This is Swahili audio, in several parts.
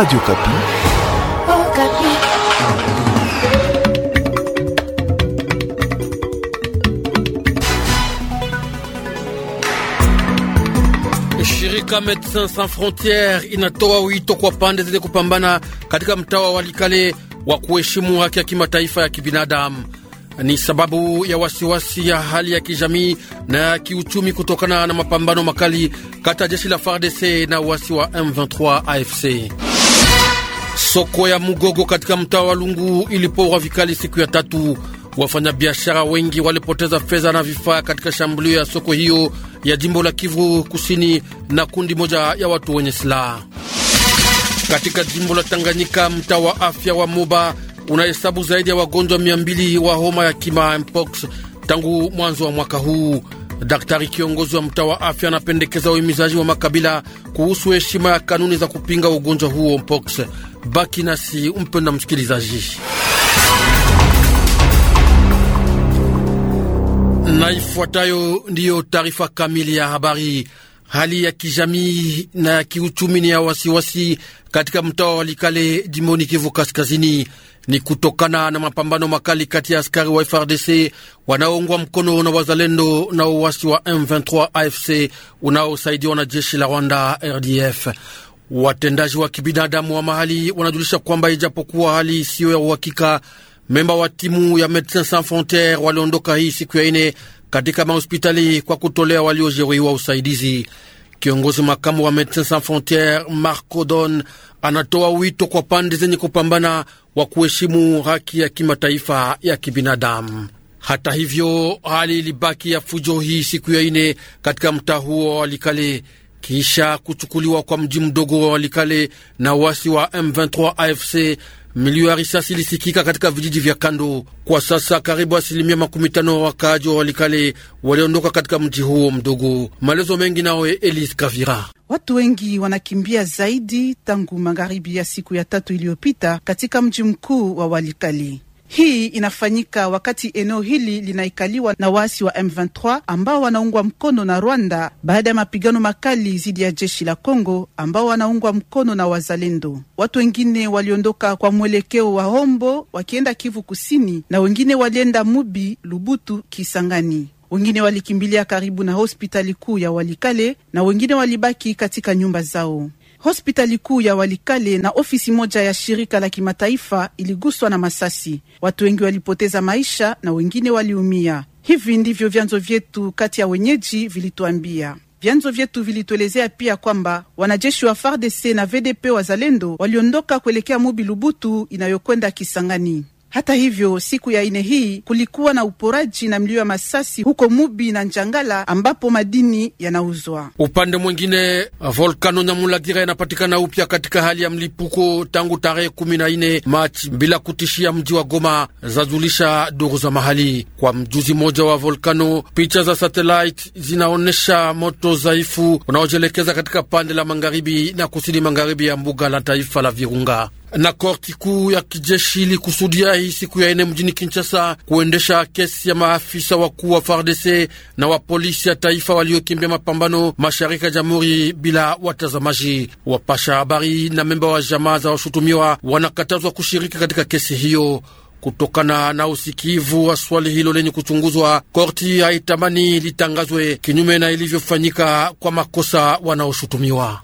Radio Kapi. Oh, Kapi. Shirika Medecins Sans Frontieres inatoa wito kwa pande zenye kupambana katika mtawa Walikale wa kuheshimu haki ya kimataifa ya kibinadamu. Ni sababu ya wasiwasi ya hali ya kijamii na ya kiuchumi kutokana na mapambano makali kati ya jeshi la FARDC na wasi wa M23 AFC. Soko ya Mugogo katika mtaa wa Lungu iliporwa vikali siku ya tatu. Wafanyabiashara wengi walipoteza fedha na vifaa katika shambulio ya soko hiyo ya jimbo la Kivu Kusini na kundi moja ya watu wenye silaha. Katika jimbo la Tanganyika, mtaa wa afya wa Moba unahesabu zaidi ya wagonjwa mia wa homa ya kima mpox tangu mwanzo wa mwaka huu. Daktari kiongozi wa mtaa wa afya anapendekeza uhimizaji wa makabila kuhusu heshima ya kanuni za kupinga ugonjwa huo mpox. Baki nasi umpenda msikilizaji. Na ifuatayo ndiyo taarifa kamili ya habari. Hali ya kijamii na ya kiuchumi ni ya wasiwasi katika mtaa wa likale jimboni Kivu Kaskazini, ni kutokana na mapambano makali kati ya askari wa FRDC wanaoungwa mkono na wazalendo na uwasi wa M23 AFC unaosaidiwa na jeshi la Rwanda RDF. Watendaji wa kibinadamu wa mahali wanajulisha kwamba ijapokuwa hali isiyo ya uhakika, memba wa timu ya Medecins Sans Frontiere waliondoka hii siku ya ine katika mahospitali kwa kutolea waliojeruhiwa usaidizi. Kiongozi makamu wa Medecins Sans Frontiere Marco Don anatoa wito kwa pande zenye kupambana wa kuheshimu haki ya kimataifa ya kibinadamu. Hata hivyo, hali ilibaki ya fujo hii siku ya ine katika mtaa huo wa Walikale kisha kuchukuliwa kwa mji mdogo wa Walikale na wasi wa M23 AFC. Milio ya risasi ilisikika katika vijiji vya kando. Kwa sasa karibu asilimia makumi tano wakaaji wa Walikale waliondoka katika mji huo mdogo. Maelezo mengi nawe Elise Kavira. Watu wengi wanakimbia zaidi tangu magharibi ya siku ya tatu iliyopita katika mji mkuu wa walikali hii inafanyika wakati eneo hili linaikaliwa na waasi wa M23 ambao wanaungwa mkono na Rwanda baada ya mapigano makali dhidi ya jeshi la Kongo ambao wanaungwa mkono na wazalendo. Watu wengine waliondoka kwa mwelekeo wa Hombo wakienda Kivu Kusini na wengine walienda Mubi, Lubutu, Kisangani wengine walikimbilia karibu na hospitali kuu ya Walikale na wengine walibaki katika nyumba zao. Hospitali kuu ya Walikale na ofisi moja ya shirika la kimataifa iliguswa na masasi. Watu wengi walipoteza maisha na wengine waliumia. Hivi ndivyo vyanzo vyetu kati ya wenyeji vilituambia. Vyanzo vyetu vilituelezea pia kwamba wanajeshi wa FARDC na VDP wazalendo waliondoka kuelekea Mubi Lubutu inayokwenda Kisangani. Hata hivyo, siku ya ine hii kulikuwa na uporaji na mlio ya masasi huko Mubi na Njangala ambapo madini yanauzwa. Upande mwingine, volkano Nyamulagira inapatikana upya katika hali ya mlipuko tangu tarehe kumi na ine Machi bila kutishia mji wa Goma, zazulisha duru za mahali. Kwa mjuzi moja wa volkano, picha za satellite zinaonyesha moto dhaifu unaojelekeza katika pande la magharibi na kusini magharibi ya mbuga la taifa la Virunga na korti kuu ya kijeshi ilikusudia hii siku ya ine mjini Kinshasa kuendesha kesi ya maafisa wakuu wa FARDC na wa polisi ya taifa waliokimbia mapambano mashariki ya jamhuri bila watazamaji. Wapasha habari na memba wa jamaa za washutumiwa wanakatazwa kushiriki katika kesi hiyo. Kutokana na usikivu wa swali hilo lenye kuchunguzwa, korti haitamani litangazwe kinyume na ilivyofanyika kwa makosa wanaoshutumiwa.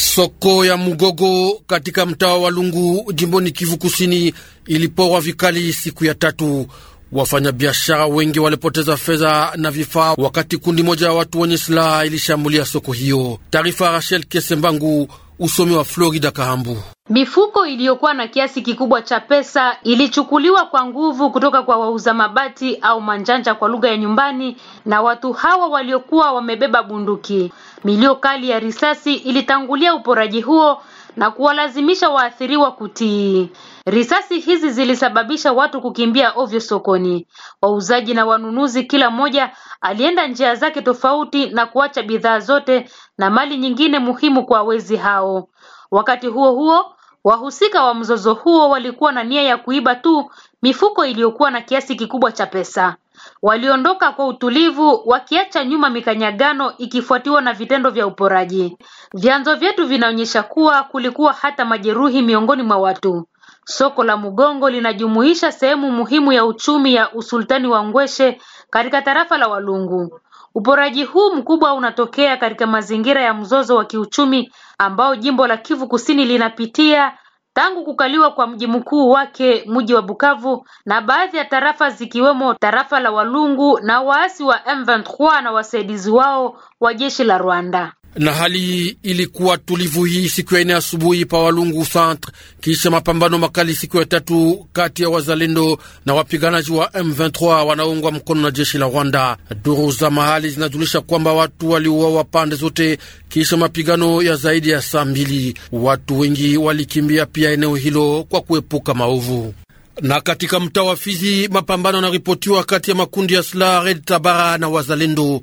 Soko ya Mugogo katika mtaa wa Lungu jimboni Kivu Kusini iliporwa vikali siku ya tatu. Wafanyabiashara wengi walipoteza fedha na vifaa wakati kundi moja ya watu wenye silaha ilishambulia soko hiyo. Taarifa Rachel Kesembangu usomi wa Florida Kahambu. Mifuko iliyokuwa na kiasi kikubwa cha pesa ilichukuliwa kwa nguvu kutoka kwa wauza mabati au manjanja kwa lugha ya nyumbani na watu hawa waliokuwa wamebeba bunduki. Milio kali ya risasi ilitangulia uporaji huo na kuwalazimisha waathiriwa kutii. Risasi hizi zilisababisha watu kukimbia ovyo sokoni. Wauzaji na wanunuzi kila mmoja alienda njia zake tofauti na kuacha bidhaa zote na mali nyingine muhimu kwa wezi hao. Wakati huo huo, wahusika wa mzozo huo walikuwa na nia ya kuiba tu mifuko iliyokuwa na kiasi kikubwa cha pesa. Waliondoka kwa utulivu wakiacha nyuma mikanyagano ikifuatiwa na vitendo vya uporaji. Vyanzo vyetu vinaonyesha kuwa kulikuwa hata majeruhi miongoni mwa watu. Soko la Mugongo linajumuisha sehemu muhimu ya uchumi ya Usultani wa Ngweshe katika tarafa la Walungu. Uporaji huu mkubwa unatokea katika mazingira ya mzozo wa kiuchumi ambao jimbo la Kivu Kusini linapitia tangu kukaliwa kwa mji mkuu wake mji wa Bukavu na baadhi ya tarafa zikiwemo tarafa la Walungu na waasi wa M23 na wasaidizi wao wa jeshi la Rwanda na hali ilikuwa tulivu hii siku ya ine asubuhi pa Walungu centre kisha mapambano makali siku ya tatu kati ya wazalendo na wapiganaji wa M23 wanaoungwa mkono na jeshi la Rwanda. Duru za mahali zinajulisha kwamba watu waliuawa pande zote kisha mapigano ya zaidi ya saa mbili. Watu wengi walikimbia pia eneo hilo kwa kuepuka maovu na katika mtaa wa Fizi mapambano yanaripotiwa kati ya makundi ya silaha Red Tabara na wazalendo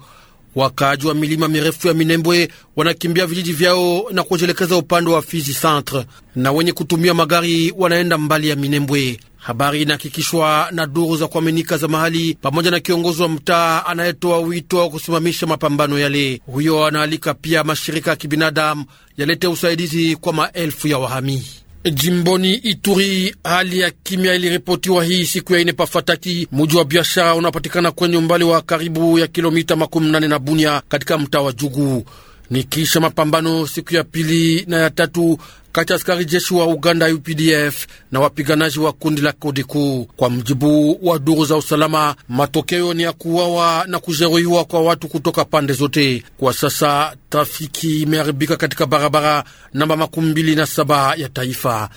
Wakaaji wa milima mirefu ya Minembwe wanakimbia vijiji vyao na kujelekeza upande wa Fizi Centre, na wenye kutumia magari wanaenda mbali ya Minembwe. Habari inahakikishwa na duru za kuaminika za mahali pamoja na kiongozi wa mtaa anayetoa wito wa kusimamisha mapambano yale. Huyo anaalika pia mashirika ya kibinadamu yalete usaidizi kwa maelfu ya wahamii Jimboni Ituri, hali ya kimya iliripotiwa hii siku ya ine Pafataki, muji wa biashara unapatikana kwenye umbali wa karibu ya kilomita makumi nane na Bunia katika mtaa wa Jugu. Ni kisha mapambano siku ya pili na ya tatu kati ya askari jeshi wa Uganda UPDF na wapiganaji wa kundi la Kodiku. Kwa mjibu wa duru za usalama, matokeo ni ya kuwawa na kujeruhiwa kwa watu kutoka pande zote. Kwa sasa trafiki imeharibika katika barabara namba makumi mbili na saba ya taifa.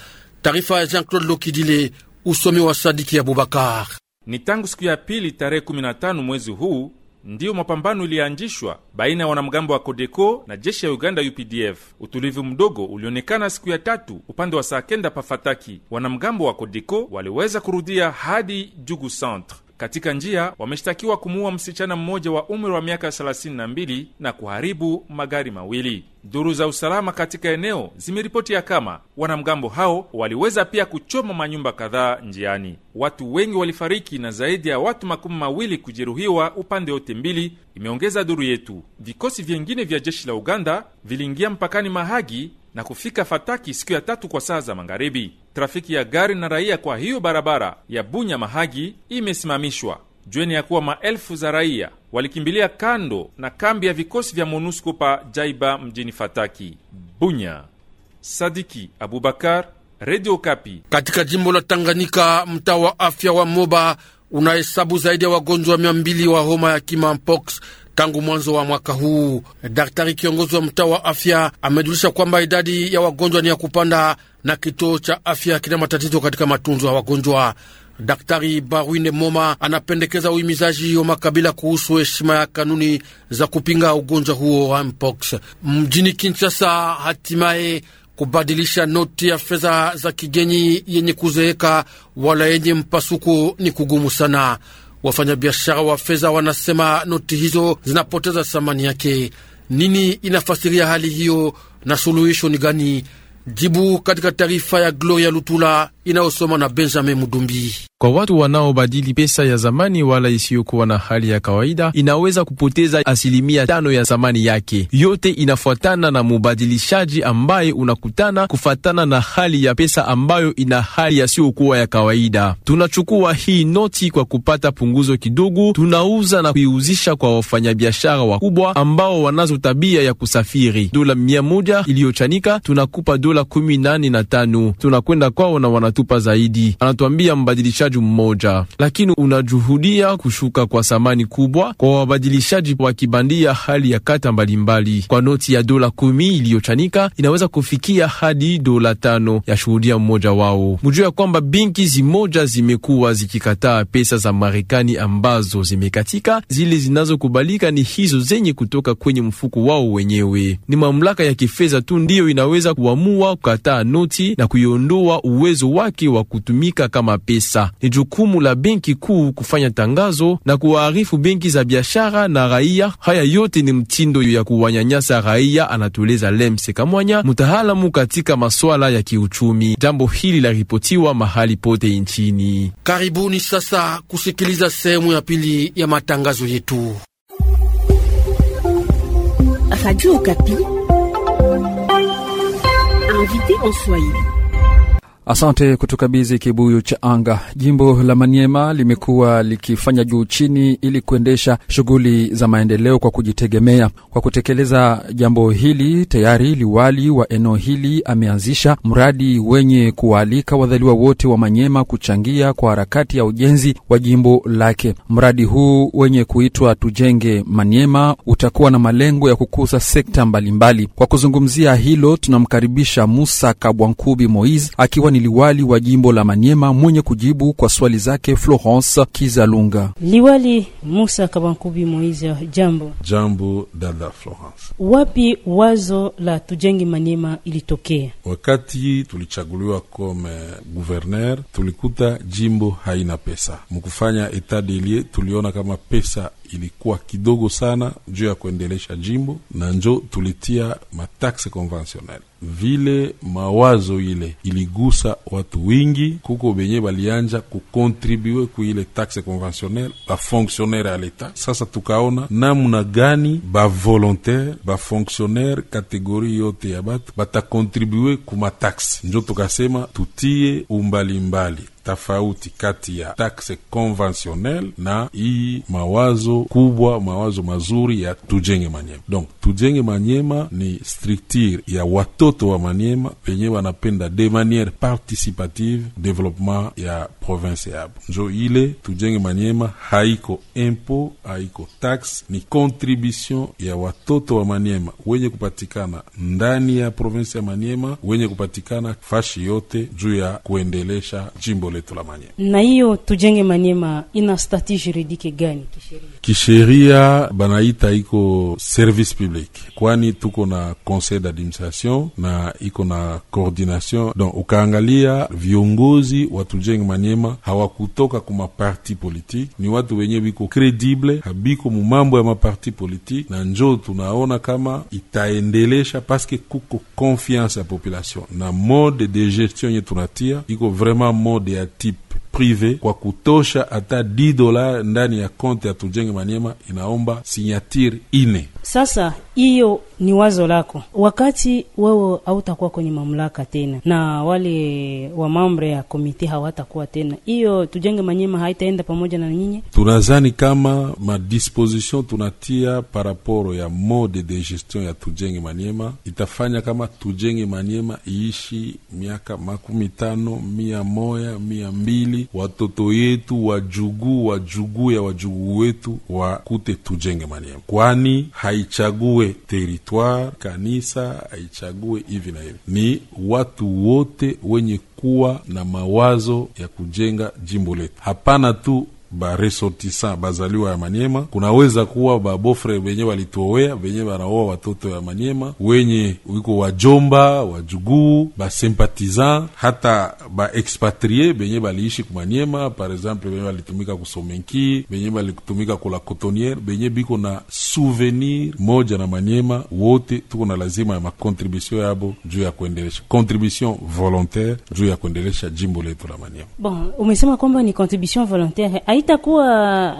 Taarifa ya Jean-Claude Lokidile, usomi wa Sadiki Abubakar. Ni tangu siku ya pili tarehe 15 mwezi huu ndiyo mapambano ilianjishwa baina ya wanamgambo wa Kodeko na jeshi ya Uganda UPDF. Utulivu mdogo ulionekana siku ya tatu upande wa saa kenda pafataki wanamgambo wa Kodeko waliweza kurudia hadi Jugu Centre. Katika njia wameshtakiwa kumuua msichana mmoja wa umri wa miaka 32 na kuharibu magari mawili. Duru za usalama katika eneo zimeripoti ya kama wanamgambo hao waliweza pia kuchoma manyumba kadhaa njiani. Watu wengi walifariki na zaidi ya watu makumi mawili kujeruhiwa upande wote mbili, imeongeza duru yetu. Vikosi vyengine vya jeshi la Uganda viliingia mpakani Mahagi na kufika Fataki siku ya tatu kwa saa za magharibi. Trafiki ya gari na raia kwa hiyo barabara ya Bunya Mahagi imesimamishwa. Jueni ya kuwa maelfu za raia walikimbilia kando na kambi ya vikosi vya MONUSCO pa Jaiba mjini Fataki. Bunya, Sadiki Abubakar, Radio Kapi. Katika jimbo la Tanganyika, mtaa wa afya wa Moba unahesabu zaidi ya wagonjwa mia mbili wa homa ya kimpox Tangu mwanzo wa mwaka huu, daktari kiongozi wa mtaa wa afya amejulisha kwamba idadi ya wagonjwa ni ya kupanda na kituo cha afya kina matatizo katika matunzo ya wagonjwa. Daktari Barwine Moma anapendekeza uhimizaji wa makabila kuhusu heshima ya kanuni za kupinga ugonjwa huo wa mpox mjini Kinshasa. Hatimaye kubadilisha noti ya fedha za kigeni yenye kuzeeka wala yenye mpasuko ni kugumu sana. Wafanyabiashara wa fedha wanasema noti hizo zinapoteza thamani yake. Nini inafasiria hali hiyo na suluhisho ni gani? Jibu katika taarifa ya Gloria Lutula inayosoma na Benjamin Mudumbi. Kwa watu wanaobadili pesa ya zamani wala isiyokuwa na hali ya kawaida, inaweza kupoteza asilimia tano ya zamani yake. Yote inafuatana na mubadilishaji ambaye unakutana kufatana na hali ya pesa ambayo ina hali yasiyokuwa ya kawaida. Tunachukua hii noti kwa kupata punguzo kidogo, tunauza na kuiuzisha kwa wafanyabiashara wakubwa ambao wanazo tabia ya kusafiri. Dola mia moja iliyochanika tunakupa dola dola kumi nane na tano. Tunakwenda kwao na wanatupa zaidi, anatuambia mbadilishaji mmoja. Lakini unajuhudia kushuka kwa thamani kubwa kwa wabadilishaji wakibandia hali ya kata mbalimbali mbali. Kwa noti ya dola kumi iliyochanika inaweza kufikia hadi dola tano ya shuhudia mmoja wao. Mjua ya kwamba benki zimoja zimekuwa zikikataa pesa za Marekani ambazo zimekatika, zile zinazokubalika ni hizo zenye kutoka kwenye mfuko wao wenyewe. Ni mamlaka ya kifedha tu ndiyo inaweza kuamua kuamua kukataa noti na kuiondoa uwezo wake wa kutumika kama pesa. Ni jukumu la benki kuu kufanya tangazo na kuwaarifu benki za biashara na raia. Haya yote ni mtindo ya kuwanyanyasa raia, anatueleza Lemse Kamwanya, mtaalamu katika masuala ya kiuchumi. Jambo hili laripotiwa mahali pote nchini. Karibuni sasa kusikiliza sehemu ya pili ya matangazo yetu. invité en Swahili. Asante kutukabidhi kibuyu cha anga. Jimbo la Maniema limekuwa likifanya juu chini ili kuendesha shughuli za maendeleo kwa kujitegemea. Kwa kutekeleza jambo hili, tayari liwali wa eneo hili ameanzisha mradi wenye kuwaalika wadhaliwa wote wa Manyema kuchangia kwa harakati ya ujenzi wa jimbo lake. Mradi huu wenye kuitwa Tujenge Maniema utakuwa na malengo ya kukuza sekta mbalimbali mbali. Kwa kuzungumzia hilo, tunamkaribisha Musa Kabwankubi Moiz akiwa alikuwa ni liwali wa jimbo la Manyema mwenye kujibu kwa swali zake Florence Kizalunga. Liwali Musa Kabankubi Moiza, jambo. Jambo dada Florence. Wapi wazo la tujenge Manyema ilitokea? Wakati tulichaguliwa kome guverner, tulikuta jimbo haina pesa. Mkufanya etadilie, tuliona kama pesa ilikuwa kidogo sana juu ya kuendelesha jimbo, na njo tulitia mataxe conventionnel vile mawazo ile iligusa watu wingi, kuko benye balianja kukontribue ile taxe conventionnelle bafonctionnaire ya leta. Sasa tukaona namna gani bavolontaire bafonctionnaire kategori yote ya batu batakontribue kumataksi, njo tukasema tutie umbalimbali tofauti kati ya takse konvensionel na hii mawazo kubwa, mawazo mazuri ya tujenge Manyema. Donc tujenge Manyema ni structure ya watoto wa Manyema penye wanapenda de maniere participative development ya province yabo, njo ile tujenge Manyema haiko impo, haiko tax, ni contribution ya watoto wa Manyema wenye kupatikana ndani ya province ya Manyema wenye kupatikana fashi yote juu ya kuendelesha jimbo letu la Manyema, na hiyo tujenge Manyema ina stati juridike gani kisheria? Banaita iko service public, kwani tuko na conseil d'administration na iko na coordination. Donc ukaangalia viongozi wa tujenge Manyema hawakutoka ku maparti politike, ni watu wenye biko kredible, habiko mumambo ya maparti politike, na njo tunaona kama itaendelesha paske kuko confiance ya population na mode de gestion yetu tunatia iko vraiment mode ya type prive kwa kutosha hata 10 dola ndani ya konti ya Tujenge manyema inaomba sinyatire ine. Sasa hiyo ni wazo lako, wakati wewe hautakuwa kwenye mamlaka tena na wale wa mambre ya komite hawatakuwa tena, hiyo tujenge Manyema haitaenda pamoja na nyinyi. Tunazani kama madisposition tunatia paraporo ya mode de gestion ya tujenge Manyema itafanya kama tujenge Manyema iishi miaka makumi tano mia moya mia mbili watoto yetu wajuguu wajuguu ya wajuguu wetu wakute tujenge Manyema kwani haichague teritware, kanisa haichague hivi na hivi, ni watu wote wenye kuwa na mawazo ya kujenga jimbo letu, hapana tu baresortisan bazaliwa ya manyema kunaweza kuwa babofre venye walituowea venye wanaoa watoto ya manyema wenye wiko wajomba wajuguu, basempatizan hata baexpatrie venye baliishi kumanyema par exemple venye walitumika kusomenki venye balitumika kula kotoniere venye biko na souvenir moja na manyema wote tuko na lazima ya makontribution yabo juu ya kuendelesha contribution volontaire juu ya kuendelesha jimbo letu la manyema Bon, umesema kwamba ni contribution volontaire haitakuwa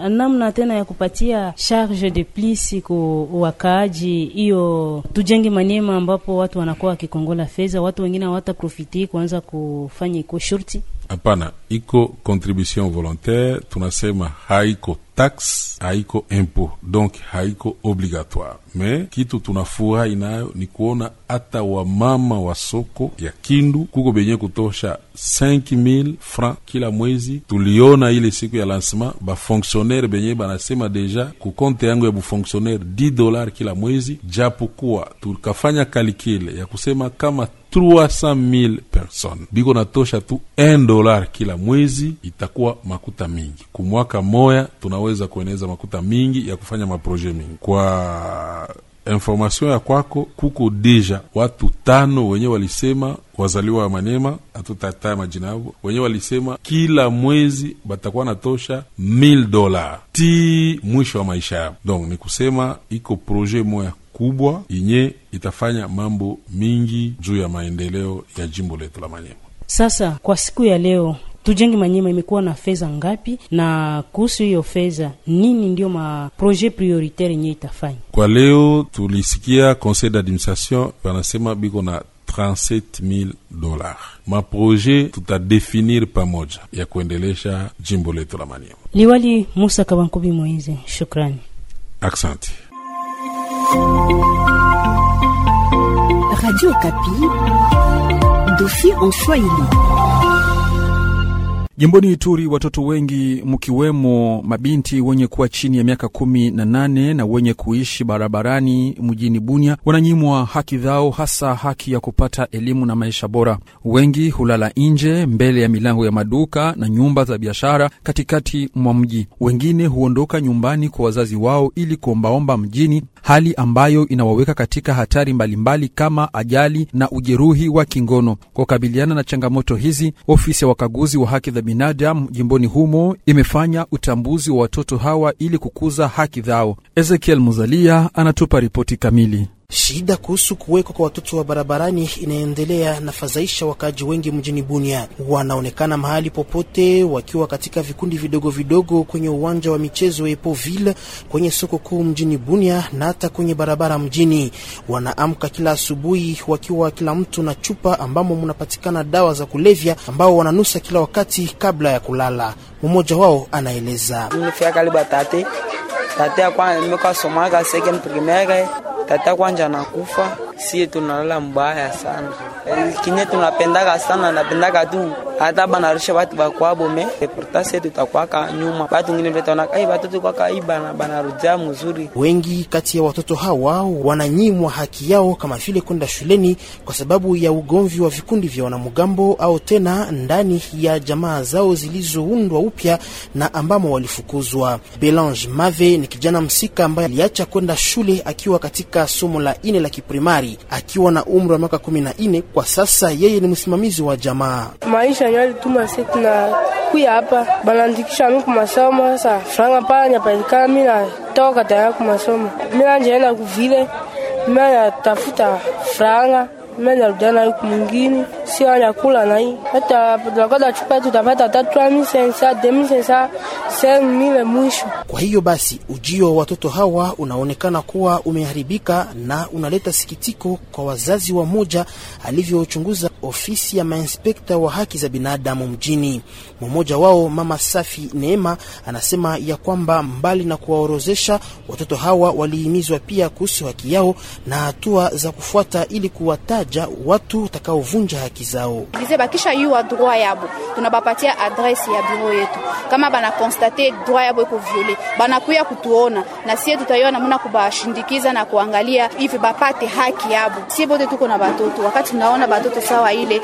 namna tena ya kupatia charge de plus ku wakaaji. Hiyo tujenge Maniema ambapo watu wanakuwa wakikongola fedha, watu wengine profiti kuanza kufanya iko shurti. Hapana, iko contribution volontaire tunasema haiko taxe haiko impo, donc haiko obligatoire. Me kitu tunafurahi nayo ni kuona hata wamama wa soko ya Kindu kuko benye kutosha 5000 francs kila mwezi. Tuliona ile siku ya lancement bafonktionnaire benye banasema deja kukonte yangu ya bufonktionnaire 10 dollars kila mwezi, japokuwa tukafanya kalikile ya kusema kama 300,000 personnes biko natosha tu 1 dollar kila mwezi, itakuwa makuta mingi kumwaka moya tuna tunaweza kueneza makuta mingi ya kufanya maproje mingi. Kwa informasion ya kwako, kuko deja watu tano wenye walisema wazaliwa wa Manema, atutataa majina yao, wenye walisema kila mwezi batakuwa natosha 1000 dola ti mwisho wa maisha yao. Donc ni kusema iko proje moya kubwa yenye itafanya mambo mingi juu ya maendeleo ya jimbo letu la Manyema. Sasa kwa siku ya leo Tujenge Manyema imekuwa na fedha ngapi, na kuhusu hiyo fedha nini ndio ma projet prioritaire yenye itafanya kwa leo? Tulisikia conseil d'administration wanasema biko na 37000 dola. Maproje tutadefinir pamoja ya kuendelesha jimbo letu la Maniema. Liwali Musa Kabankubi Moize, shukrani, asante. Radio Kapi, dossier en Swahili. Jimboni Ituri, watoto wengi mkiwemo mabinti wenye kuwa chini ya miaka kumi na nane na wenye kuishi barabarani mjini Bunia wananyimwa haki zao, hasa haki ya kupata elimu na maisha bora. Wengi hulala nje mbele ya milango ya maduka na nyumba za biashara katikati mwa mji. Wengine huondoka nyumbani kwa wazazi wao ili kuombaomba mjini, hali ambayo inawaweka katika hatari mbalimbali kama ajali na ujeruhi wa kingono. Kwa kukabiliana na changamoto hizi, ofisi ya wakaguzi wa haki za binadamu jimboni humo imefanya utambuzi wa watoto hawa ili kukuza haki zao. Ezekiel Muzalia anatupa ripoti kamili. Shida kuhusu kuwekwa kwa watoto wa barabarani inaendelea na fadhaisha wakaaji wengi mjini Bunia. Wanaonekana mahali popote wakiwa katika vikundi vidogo vidogo kwenye uwanja wa michezo epo ville kwenye soko kuu mjini Bunia na hata kwenye barabara mjini. Wanaamka kila asubuhi wakiwa kila mtu na chupa ambamo mnapatikana dawa za kulevya ambao wananusa kila wakati kabla ya kulala. Mmoja wao anaeleza tata kwanja nakufa, sie tunalala mbaya sana. Eh, Kinye tunapendaka sana, napendaka tu hata banarusha batu bakwabo me reportase tutakwaka nyuma batu ngine vetaona kai batoto kwaka hii bana banarudia mzuri. Wengi kati ya watoto hawa wananyimwa haki yao kama vile kwenda shuleni kwa sababu ya ugomvi wa vikundi vya wanamgambo au tena ndani ya jamaa zao zilizoundwa upya na ambamo walifukuzwa. Belange Mave ni kijana msika ambaye aliacha kwenda shule akiwa katika somo la ine la kiprimari akiwa na umri wa miaka kumi na nne. Kwa sasa yeye ni msimamizi wa jamaa maisha wenyewe walituma sisi tunakuya hapa, banaandikisha mimi kumasomo. Sasa franga pala nyapatikana, mimi natoka tayari kumasomo, mimi nanjeenda kuvile, mimi natafuta franga, mimi narudia nayo kumwingine sio ya kula na hii hata tunakata chupa tutapata tatu misensa demisensa senmile mwisho. Kwa hiyo basi, ujio wa watoto hawa unaonekana kuwa umeharibika na unaleta sikitiko kwa wazazi wa moja, alivyochunguza ofisi ya mainspekta wa haki za binadamu mjini. Mmoja wao mama Safi Neema anasema ya kwamba mbali na kuwaorozesha watoto hawa walihimizwa pia kuhusu haki yao na hatua za kufuata ili kuwataja watu watakaovunja haki haki zao. Dize bakisha yuwa droit yabo, tunabapatia adresi ya biro yetu. Kama bana konstate droit yabo iko viole, bana kuya kutuona na sie tutayona muna kubashindikiza na kuangalia hivi bapate haki yabo. Sie bote tuko na batoto, wakati tunaona batoto sawa ile,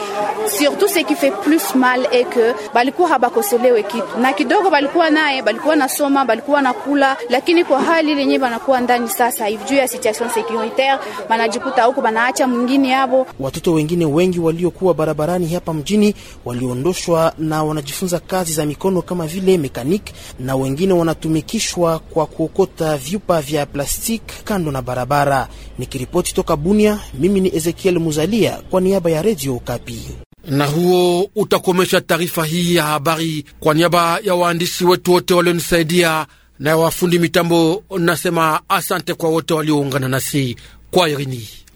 surtout ce qui fait plus mal est que balikuwa habakoselewe kitu na kidogo, balikuwa naye, balikuwa nasoma, balikuwa nakula, lakini kwa hali lenye banakuwa ndani sasa hivi juu ya situation securitaire, banajikuta huko banaacha mwingine yabo. Watoto wengine wengi waliokuwa wa barabarani hapa mjini waliondoshwa na wanajifunza kazi za mikono kama vile mekanik, na wengine wanatumikishwa kwa kuokota vyupa vya plastiki kando na barabara. Nikiripoti toka Bunia, mimi ni Ezekiel Muzalia kwa niaba ya Redio Okapi na huo utakomesha taarifa hii ya habari. Kwa niaba ya waandishi wetu wote walionisaidia na ya wafundi mitambo, nasema asante kwa wote walioungana nasi kwa Irini.